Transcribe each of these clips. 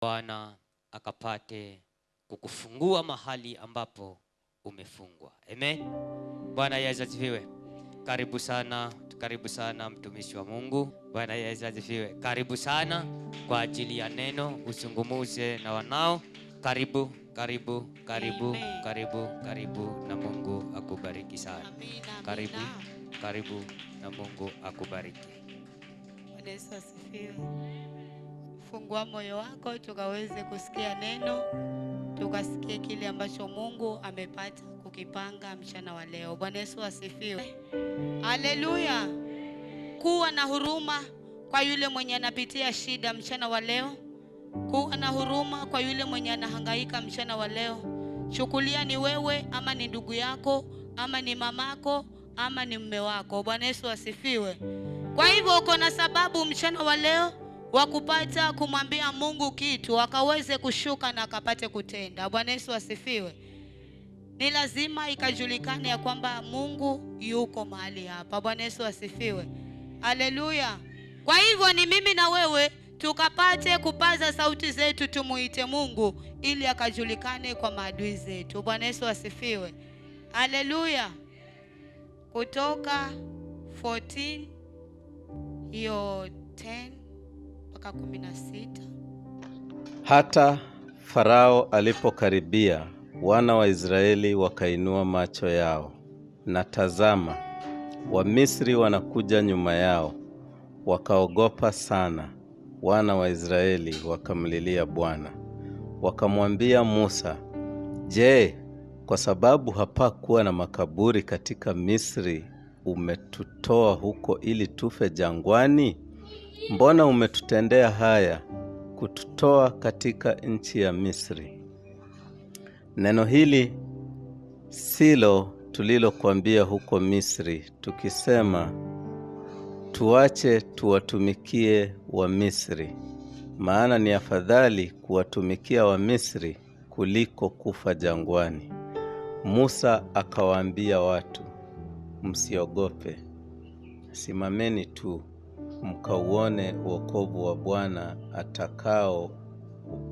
Bwana akapate kukufungua mahali ambapo umefungwa. Amen. Bwana Yesu asifiwe. Karibu sana, karibu sana mtumishi wa Mungu. Bwana Yesu asifiwe. Karibu sana kwa ajili ya neno usungumuze na wanao. Karibu, karibu, karibu, karibu, karibu na Mungu akubariki sana. Amina. Karibu, karibu na Mungu akubariki. Bwana Yesu asifiwe. Fungua moyo wako tukaweze kusikia neno, tukasikie kile ambacho Mungu amepata kukipanga mchana wa leo. Bwana Yesu asifiwe, haleluya. Kuwa na huruma kwa yule mwenye anapitia shida mchana wa leo, kuwa na huruma kwa yule mwenye anahangaika mchana wa leo. Chukulia ni wewe ama ni ndugu yako ama ni mamako ama ni mume wako. Bwana Yesu asifiwe. Kwa hivyo uko na sababu mchana wa leo wa kupata kumwambia Mungu kitu akaweze kushuka na akapate kutenda. Bwana Yesu asifiwe. Ni lazima ikajulikane ya kwamba Mungu yuko mahali hapa. Bwana Yesu asifiwe, haleluya. Kwa hivyo ni mimi na wewe tukapate kupaza sauti zetu, tumuite Mungu ili akajulikane kwa maadui zetu. Bwana Yesu asifiwe, haleluya. Kutoka 14 hiyo 10 mpaka kumi na sita. Hata Farao alipokaribia, wana wa Israeli wakainua macho yao, na tazama, Wamisri wanakuja nyuma yao. Wakaogopa sana, wana wa Israeli wakamlilia Bwana. Wakamwambia Musa, Je, kwa sababu hapakuwa na makaburi katika Misri, umetutoa huko ili tufe jangwani? Mbona umetutendea haya kututoa katika nchi ya Misri? Neno hili silo tulilokwambia huko Misri, tukisema tuache tuwatumikie wa misri maana ni afadhali kuwatumikia Wamisri kuliko kufa jangwani. Musa akawaambia watu, msiogope, simameni tu mkauone uokovu wa Bwana atakao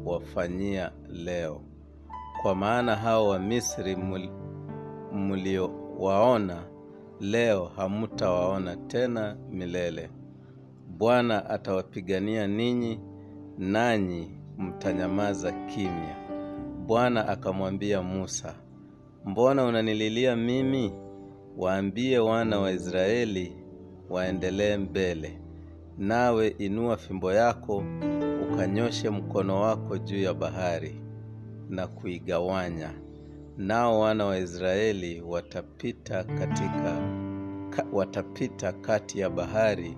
wafanyia leo, kwa maana hao Wamisri mliowaona leo hamutawaona tena milele. Bwana atawapigania ninyi, nanyi mtanyamaza kimya. Bwana akamwambia Musa, mbona unanililia mimi? Waambie wana wa Israeli waendelee mbele nawe inua fimbo yako ukanyoshe mkono wako juu ya bahari na kuigawanya, nao wana wa Israeli watapita katika ka, watapita kati ya bahari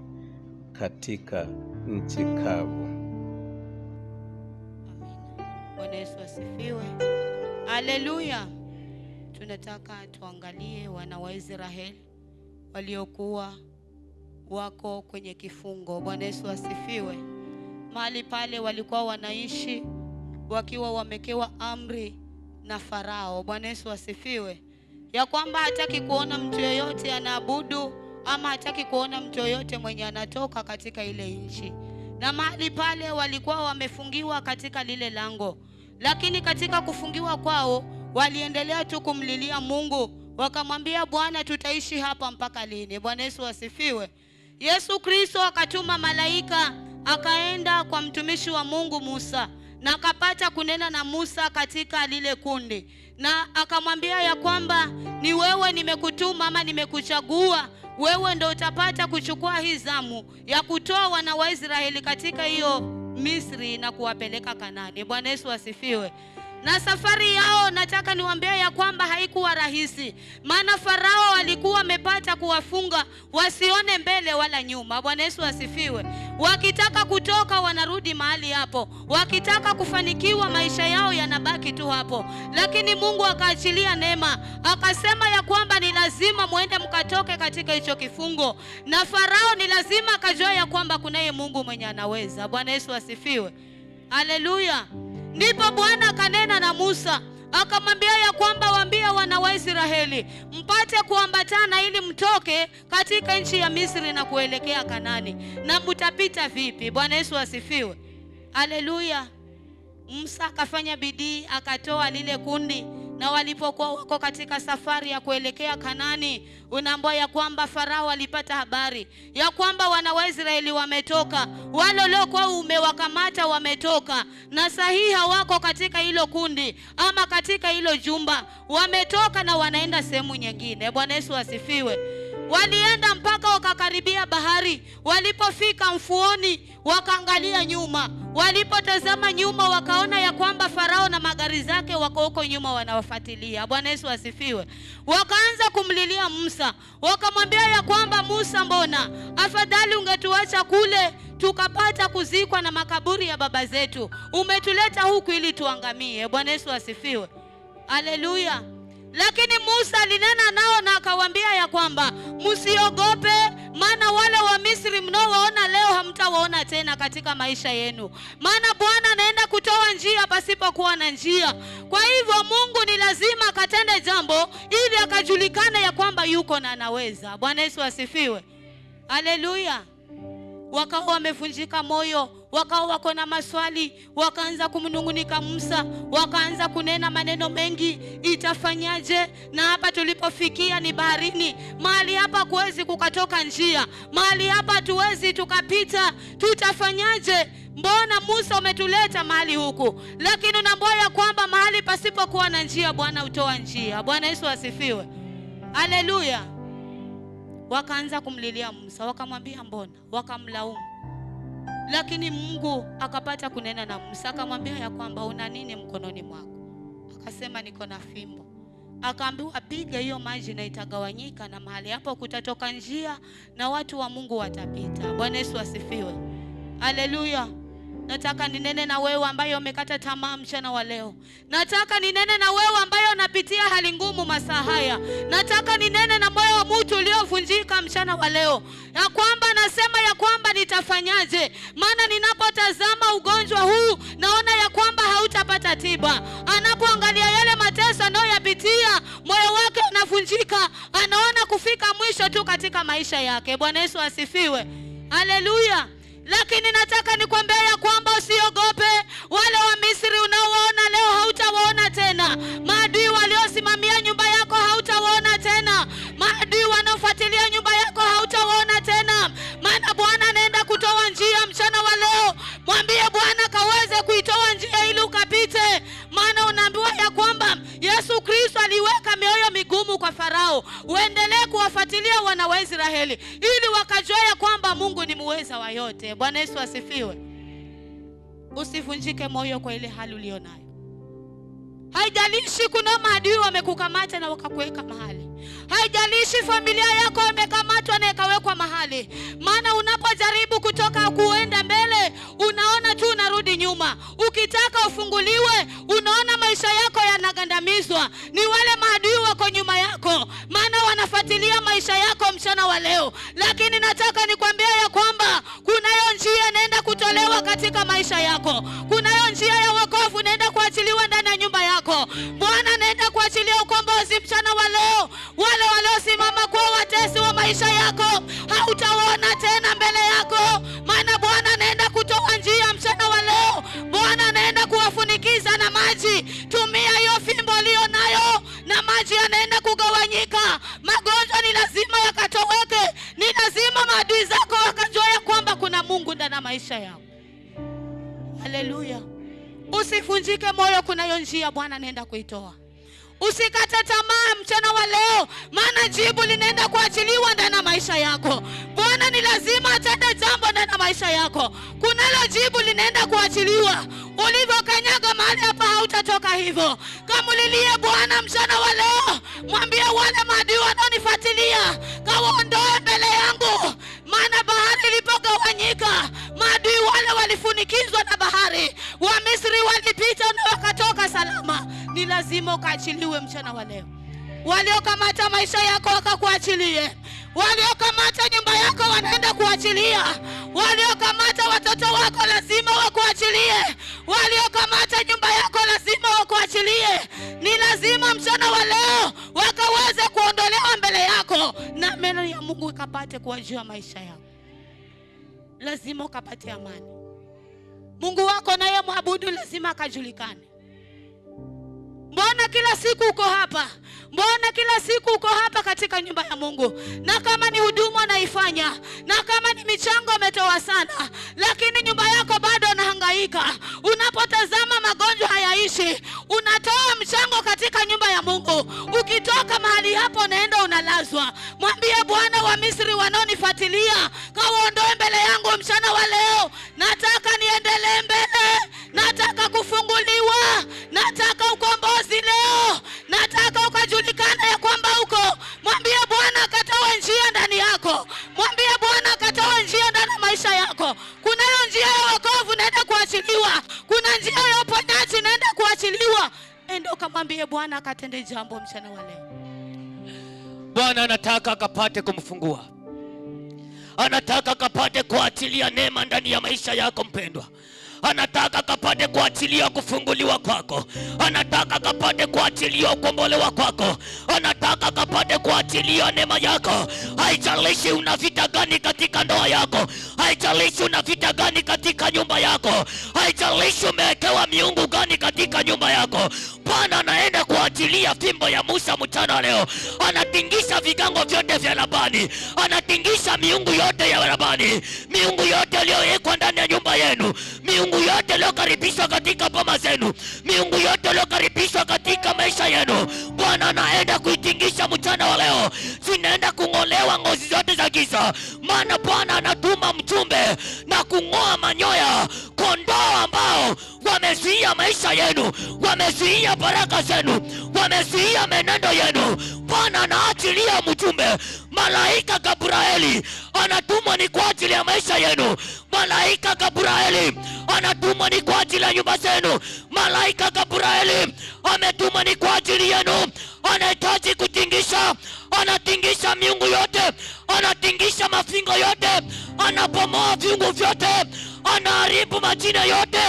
katika nchi kavu. Bwana Yesu asifiwe, haleluya. Tunataka tuangalie wana wa Israeli waliokuwa wako kwenye kifungo. Bwana Yesu asifiwe. Mahali pale walikuwa wanaishi wakiwa wamekewa amri na Farao. Bwana Yesu asifiwe, ya kwamba hataki kuona mtu yeyote anaabudu ama hataki kuona mtu yeyote mwenye anatoka katika ile nchi, na mahali pale walikuwa wamefungiwa katika lile lango, lakini katika kufungiwa kwao waliendelea tu kumlilia Mungu, wakamwambia Bwana, tutaishi hapa mpaka lini? Bwana Yesu asifiwe. Yesu Kristo akatuma malaika akaenda kwa mtumishi wa Mungu Musa na akapata kunena na Musa katika lile kundi, na akamwambia ya kwamba ni wewe nimekutuma, ama nimekuchagua wewe, ndo utapata kuchukua hii zamu ya kutoa wana wa Israeli katika hiyo Misri na kuwapeleka Kanani. Bwana Yesu asifiwe na safari yao nataka niwaambie ya kwamba haikuwa rahisi, maana Farao walikuwa wamepata kuwafunga wasione mbele wala nyuma. Bwana Yesu asifiwe. Wakitaka kutoka wanarudi mahali hapo, wakitaka kufanikiwa maisha yao yanabaki tu hapo, lakini Mungu akaachilia neema, akasema ya kwamba ni lazima muende mkatoke katika hicho kifungo, na Farao ni lazima akajua ya kwamba kunaye Mungu mwenye anaweza. Bwana Yesu asifiwe, haleluya. Ndipo Bwana akanena na Musa akamwambia ya kwamba waambie wana wa Israeli mpate kuambatana ili mtoke katika nchi ya Misri na kuelekea Kanani. Na mtapita vipi? Bwana Yesu asifiwe, haleluya. Musa akafanya bidii, akatoa lile kundi na walipokuwa wako katika safari ya kuelekea Kanani, unaambiwa ya kwamba Farao alipata habari ya kwamba wana wa Israeli wametoka, wale waliokuwa umewakamata wametoka, na sahihi hawako katika hilo kundi ama katika hilo jumba, wametoka na wanaenda sehemu nyingine. Bwana Yesu asifiwe. Walienda mpaka wakakaribia bahari. Walipofika mfuoni, wakaangalia nyuma. Walipotazama nyuma, wakaona ya kwamba Farao na magari zake wako huko nyuma wanawafuatilia. Bwana Yesu asifiwe. Wakaanza kumlilia Musa, wakamwambia ya kwamba Musa, mbona afadhali ungetuacha kule tukapata kuzikwa na makaburi ya baba zetu. Umetuleta huku ili tuangamie. Bwana Yesu asifiwe. Haleluya. Lakini Musa alinena nao na akawaambia ya kwamba msiogope, maana wale wa Misri mnaowaona leo hamtawaona tena katika maisha yenu, maana Bwana anaenda kutoa njia pasipokuwa na njia. Kwa hivyo Mungu ni lazima akatende jambo ili akajulikane ya kwamba yuko na anaweza. Bwana Yesu asifiwe, haleluya. Wakawa wamevunjika moyo wakawa wako na maswali, wakaanza kumnung'unika Musa, wakaanza kunena maneno mengi, itafanyaje? Na hapa tulipofikia ni baharini, mahali hapa kuwezi kukatoka njia, mahali hapa tuwezi tukapita, tutafanyaje? Mbona Musa umetuleta mahali huku? Lakini unamboya kwamba mahali pasipokuwa na njia Bwana utoa njia. Bwana Yesu asifiwe, haleluya. Wakaanza kumlilia Musa, wakamwambia mbona, wakamlaumu lakini Mungu akapata kunena na Musa, akamwambia ya kwamba una nini mkononi mwako? Akasema niko na fimbo. Akaambiwa piga hiyo maji na itagawanyika, na mahali hapo kutatoka njia na watu wa Mungu watapita. Bwana Yesu asifiwe, haleluya. Nataka ninene na wewe ambaye umekata tamaa mchana wa leo. Nataka ninene na wewe ambaye unapitia hali ngumu masaa haya. Nataka ninene na moyo wa mtu uliovunjika mchana wa leo, ya kwamba nasema ya kwamba nitafanyaje? Maana ninapotazama ugonjwa huu naona ya kwamba hautapata tiba. Anapoangalia yale mateso anayoyapitia, moyo wake unavunjika, anaona kufika mwisho tu katika maisha yake. Bwana Yesu asifiwe, haleluya. Lakini nataka nikwambie ya kwamba usiogope. Wale wa Misri unaoona leo hautawaona tena. Maadui waliosimamia nyumba yako hautawaona tena. Maadui wanaofuatilia nyumba yako hautawaona tena, maana Bwana anaenda kutoa njia mchana wa leo. Mwambie Bwana kaweze kuitoa njia ili ukapite, maana unaambiwa ya kwamba Yesu Kristo aliweka mioyo migumu kwa Farao, uendelee kuwafuatilia wana wa Israeli ili wakajua uweza wa yote. Bwana Yesu asifiwe. Usivunjike moyo kwa ile hali uliyo Haijalishi kuna maadui wamekukamata na wakakuweka mahali. Haijalishi familia yako imekamatwa na ikawekwa mahali, maana unapojaribu kutoka kuenda mbele, unaona tu unarudi nyuma. Ukitaka ufunguliwe, unaona maisha yako yanagandamizwa. Ni wale maadui wako nyuma yako, maana wanafuatilia maisha yako mchana wa leo, lakini nata kwamba kunayo njia inaenda kutolewa katika maisha yako, kunayo njia ya wokovu inaenda kuachiliwa ndani ya nyumba yako. Bwana naenda kuachilia ukombozi mchana wa leo. Wale waliosimama kuwa watesi wa maisha yako hautawaona tena. maisha yao. Haleluya! Usivunjike moyo, kunayo njia Bwana anaenda kuitoa. Usikate tamaa mchana wa leo, maana jibu linaenda kuachiliwa ndani ya maisha yako. Bwana ni lazima atende jambo ndani ya maisha yako, kunalo jibu linaenda kuachiliwa. Ulivyokanyaga mahali hapa, hautatoka hivyo. Kamulilie Bwana mchana wa leo, mwambie wale maadui wanaonifuatilia kawaondoe mbele yangu, maana bahari ilipogawanyika wameshanikizwa na bahari. Wamisri walipita na wakatoka salama. Ni lazima ukaachiliwe mchana wa leo. Waliokamata maisha yako wakakuachilie. Waliokamata nyumba yako wanaenda kuachilia. Waliokamata watoto wako lazima wakuachilie. Waliokamata nyumba yako lazima wakuachilie. Ni lazima mchana wa leo wakaweze kuondolewa mbele yako, na meno ya Mungu ikapate kuwajua maisha yako. Lazima ukapate amani. Mungu wako naye mwabudu, lazima akajulikane. Mbona kila siku uko hapa? Mbona kila siku uko hapa katika nyumba ya Mungu? Na kama ni huduma unaifanya, na kama ni michango umetoa sana, lakini nyumba yako bado inahangaika. Unapotazama magonjwa hayaishi. Unatoa mchango katika nyumba ya Mungu, ukitoka mahali hapo unaenda unalazwa. Mwambie Bwana, wa Misri wanaonifuatilia kawaondoe mbele yangu mchana wa leo. Nataka niendelee mbele, nataka kufunguliwa, nataka ukombozi leo. mwambie Bwana akatende jambo mchana wa leo. Bwana anataka akapate kumfungua, anataka akapate kuatilia neema ndani ya maisha yako mpendwa anataka kapate kuachilia kufunguliwa kwako, anataka kapate kuachilia ukombolewa kwako, anataka kapate kuachilia neema yako. Haijalishi una vita gani katika ndoa yako, haijalishi una vita gani katika nyumba yako, haijalishi umewekewa miungu gani katika nyumba yako. Bwana anaenda kuachilia fimbo ya Musa mchana leo, anatingisha vigango vyote vya Labani, anatingisha miungu yote ya Labani, miungu yote iliyowekwa ndani ya nyumba yenu miungu miungu yote iliyokaribishwa katika boma zenu, miungu yote iliyokaribishwa katika maisha yenu, Bwana anaenda kuitingisha mchana wa leo, zinaenda kung'olewa ngozi zote za giza, maana Bwana anatuma mchumbe na kung'oa manyoya kondoo ambao wamezuia maisha yenu, wamezuia baraka zenu, wamezuia menendo yenu. Bwana anaachilia mchumbe, malaika Gabrieli anatumwa ni kwa ajili ya maisha yenu. Malaika Gabrieli anatumwa ni kwa ajili ya nyumba zenu. Malaika Gabrieli ametumwa ni kwa ajili yenu. Anahitaji kutingisha, anatingisha miungu yote, anatingisha mafingo yote, anapomoa viungu vyote, anaharibu majina yote,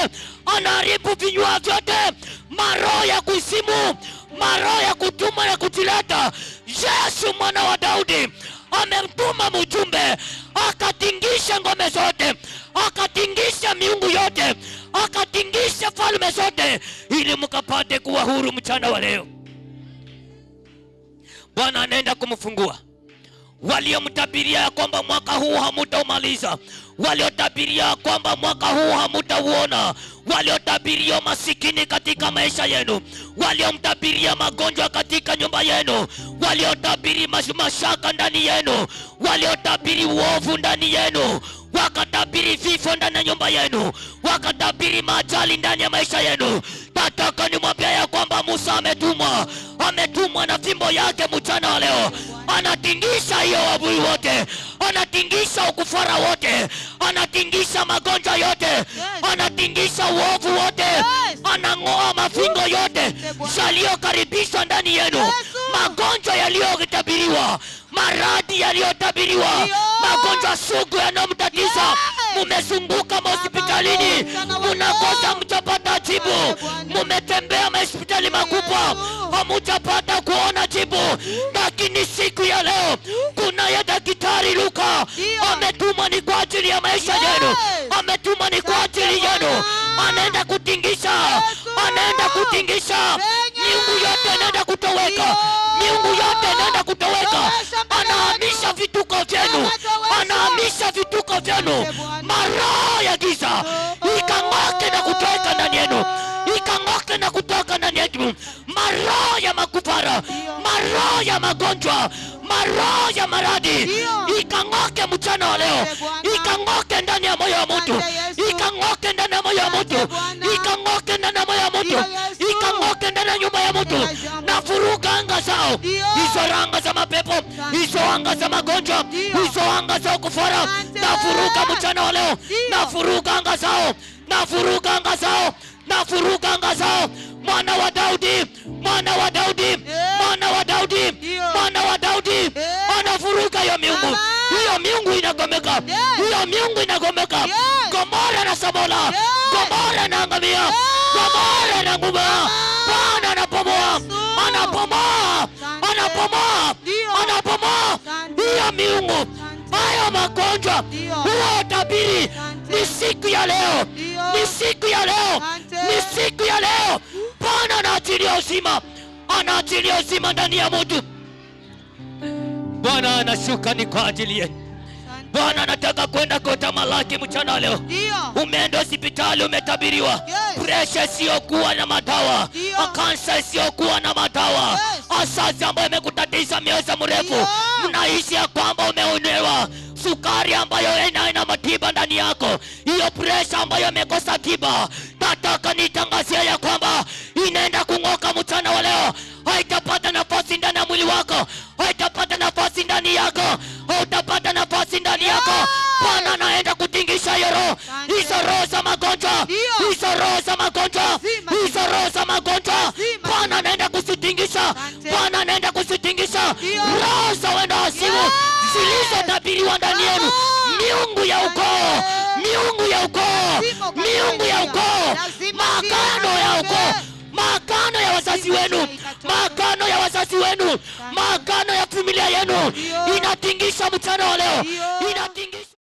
anaharibu vinywa vyote, maroho ya kuzimu, maroho ya kutuma na kutileta. Yesu mwana wa Daudi amemtuma mjumbe akatingisha ngome zote, akatingisha miungu yote, akatingisha falme zote, ili mkapate kuwa huru mchana wa leo. Bwana anaenda kumfungua waliomtabiria ya kwamba mwaka huu hamutaumaliza waliotabiria ya kwamba mwaka huu hamutauona, waliotabiria masikini katika maisha yenu, waliomtabiria magonjwa katika nyumba yenu, waliotabiri mashaka ndani yenu, waliotabiri uovu ndani yenu, wakatabiri vifo ndani ya nyumba yenu, wakatabiri majali ndani ya maisha yenu nataka nimwambia ya kwamba Musa ametumwa, ametumwa na fimbo yake mchana wa leo, anatingisha hiyo wabui wote, anatingisha ukufara wote, anatingisha magonjwa yote, anatingisha uovu wote, anang'oa mafingo yote yaliyokaribishwa ndani yenu, magonjwa yaliyotabiriwa, maradhi yaliyotabiriwa, magonjwa sugu yanayomtatiza mumezunguka mahospitalini, munakosa mchapata jibu, mumetembea mahospitali makubwa, hamuchapata kuona jibu, lakini siku ya leo kuna ya daktari Luka ametumwa ni kwa ajili ya maisha yenu, ametumwa ni kwa ajili yenu, anaenda kutingisha, anaenda kutingisha miungu yote, anaenda kutoweka miungu yote, anaenda kutoweka, anahamisha vitu wenu, anahamisha vituko vyenu, maroho ya giza ikang'oke na kutoka ndani yenu, ikang'oke na kutoka ndani yetu, maroho ya makufara, maroho ya magonjwa, maroho ya maradhi ikang'oke mchana wa leo, ikang'oke ndani ya moyo wa mtu, ikang'oke ndani ya moyo wa mtu, ikang'oke ndani ya moyo wa mtu, ikang'oke ndani ya nyumba ya mtu. Na furuga anga zao hizo, anga za mapepo hizo, anga za magonjwa hizo, anga za kufara, na furuga mchana wa leo, na furuga anga zao, na furuga anga zao, na furuga anga zao, mwana wa Daudi, mwana wa Daudi, eh. mwana wa Daudi, mwana wa Daudi, eh. anafuruka ya miungu miungu inagomeka, hiyo miungu inagomeka. Gomora na Sodomu, Gomora na ngamia, Gomora na nguvu. Bwana anapomoa, anapomoa, anapomoa, anapomoa hiyo miungu, hayo magonjwa, huo utabiri. Ni siku ya leo, ni siku ya leo, ni siku ya leo. Bwana anaachilia uzima, anaachilia uzima ndani ya mtu. Bwana anashuka ni kwa ajili yetu. Bwana anataka kwenda malaki mchana leo. Umeenda hospitali umetabiriwa, yes. Presha isiyokuwa na madawa, makansa ah, isiyokuwa na madawa, asazi ambayo imekutatiza miezi mrefu, mnaishi ya kwamba umeonewa sukari ambayo ina matiba ndani yako, hiyo presha ambayo imekosa tiba, nataka nitangazie ya kwamba inaenda kung'oka mchana wa leo. Haitapata nafasi ndani ya mwili wako, haitapata nafasi ndani yako, hautapata nafasi ndani yako. Bwana anaenda kutingisha hiyo roho, hizo roho za magonjwa, hizo roho za magonjwa, hizo roho za magonjwa. Bwana anaenda kuzitingisha, Bwana anaenda kuzitingisha roho za wenda wazimu zilizotabiriwa ndani yenu, miungu ya ukoo, miungu ya ukoo, miungu ya ukoo, makano ya ukoo, makano ya wazazi wenu, makano ya wazazi wenu, maagano familia yenu inatingisha mchana wa leo, inatingisha